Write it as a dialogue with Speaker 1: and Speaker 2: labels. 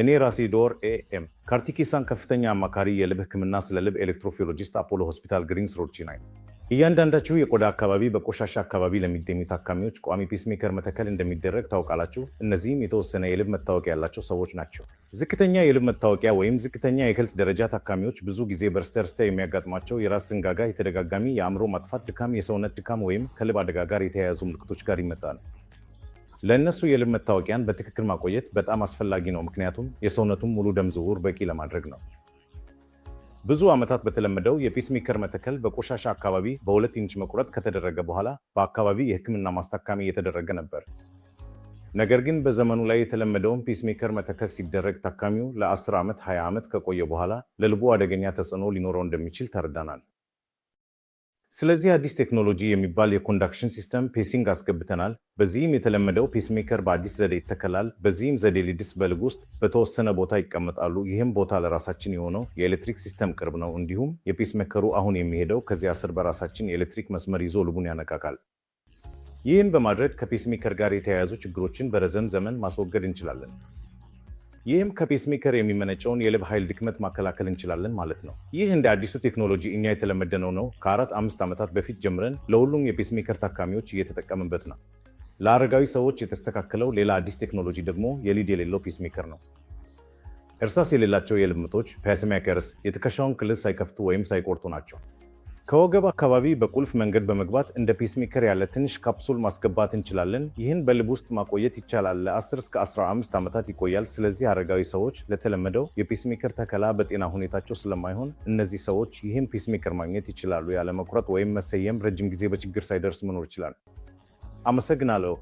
Speaker 1: እኔ ራሴ ዶር ኤኤም ካርቲኪሳን ከፍተኛ አማካሪ የልብ ሕክምና ስለ ልብ ኤሌክትሮፊዮሎጂስት አፖሎ ሆስፒታል ግሪንስ ሮድ ቺናይ። እያንዳንዳችሁ የቆዳ አካባቢ በቆሻሻ አካባቢ ለሚገኙ ታካሚዎች ቋሚ ፔስሜከር መተከል እንደሚደረግ ታውቃላችሁ። እነዚህም የተወሰነ የልብ መታወቂያ ያላቸው ሰዎች ናቸው። ዝቅተኛ የልብ መታወቂያ ወይም ዝቅተኛ የክልስ ደረጃ ታካሚዎች ብዙ ጊዜ በእርስተ የሚያጋጥማቸው የራስ ዝንጋጋ፣ የተደጋጋሚ የአእምሮ ማጥፋት፣ ድካም፣ የሰውነት ድካም ወይም ከልብ አደጋ ጋር የተያያዙ ምልክቶች ጋር ይመጣል። ለእነሱ የልብ መታወቂያን በትክክል ማቆየት በጣም አስፈላጊ ነው፣ ምክንያቱም የሰውነቱን ሙሉ ደም ዝውውር በቂ ለማድረግ ነው። ብዙ ዓመታት በተለመደው የፔስሜከር መተከል በቆሻሻ አካባቢ በሁለት ኢንች መቁረጥ ከተደረገ በኋላ በአካባቢ የሕክምና ማስታካሚ እየተደረገ ነበር። ነገር ግን በዘመኑ ላይ የተለመደውን ፔስሜከር መተከል ሲደረግ ታካሚው ለ10 ዓመት 20 ዓመት ከቆየ በኋላ ለልቡ አደገኛ ተጽዕኖ ሊኖረው እንደሚችል ተረዳናል። ስለዚህ አዲስ ቴክኖሎጂ የሚባል የኮንዳክሽን ሲስተም ፔሲንግ አስገብተናል። በዚህም የተለመደው ፔስሜከር በአዲስ ዘዴ ይተከላል። በዚህም ዘዴ ሊድስ በልግ ውስጥ በተወሰነ ቦታ ይቀመጣሉ። ይህም ቦታ ለራሳችን የሆነው የኤሌክትሪክ ሲስተም ቅርብ ነው። እንዲሁም የፔስሜከሩ አሁን የሚሄደው ከዚያ ስር በራሳችን የኤሌክትሪክ መስመር ይዞ ልቡን ያነቃቃል። ይህን በማድረግ ከፔስሜከር ጋር የተያያዙ ችግሮችን በረዘም ዘመን ማስወገድ እንችላለን። ይህም ከፔስሜከር የሚመነጨውን የልብ ኃይል ድክመት ማከላከል እንችላለን ማለት ነው። ይህ እንደ አዲሱ ቴክኖሎጂ እኛ የተለመደነው ነው። ከአራት አምስት ዓመታት በፊት ጀምረን ለሁሉም የፔስሜከር ታካሚዎች እየተጠቀምበት ነው። ለአረጋዊ ሰዎች የተስተካከለው ሌላ አዲስ ቴክኖሎጂ ደግሞ የሊድ የሌለው ፔስሜከር ነው። እርሳስ የሌላቸው የልብ ምቶች ፔስሜከርስ የትከሻውን ክልል ሳይከፍቱ ወይም ሳይቆርጡ ናቸው። ከወገብ አካባቢ በቁልፍ መንገድ በመግባት እንደ ፔስሜከር ያለ ትንሽ ካፕሱል ማስገባት እንችላለን። ይህን በልብ ውስጥ ማቆየት ይቻላል። ለ10 እስከ 15 ዓመታት ይቆያል። ስለዚህ አረጋዊ ሰዎች ለተለመደው የፔስሜከር ተከላ በጤና ሁኔታቸው ስለማይሆን እነዚህ ሰዎች ይህን ፔስሜከር ማግኘት ይችላሉ። ያለመቁረጥ ወይም መሰየም ረጅም ጊዜ በችግር ሳይደርስ መኖር ይችላል። አመሰግናለሁ።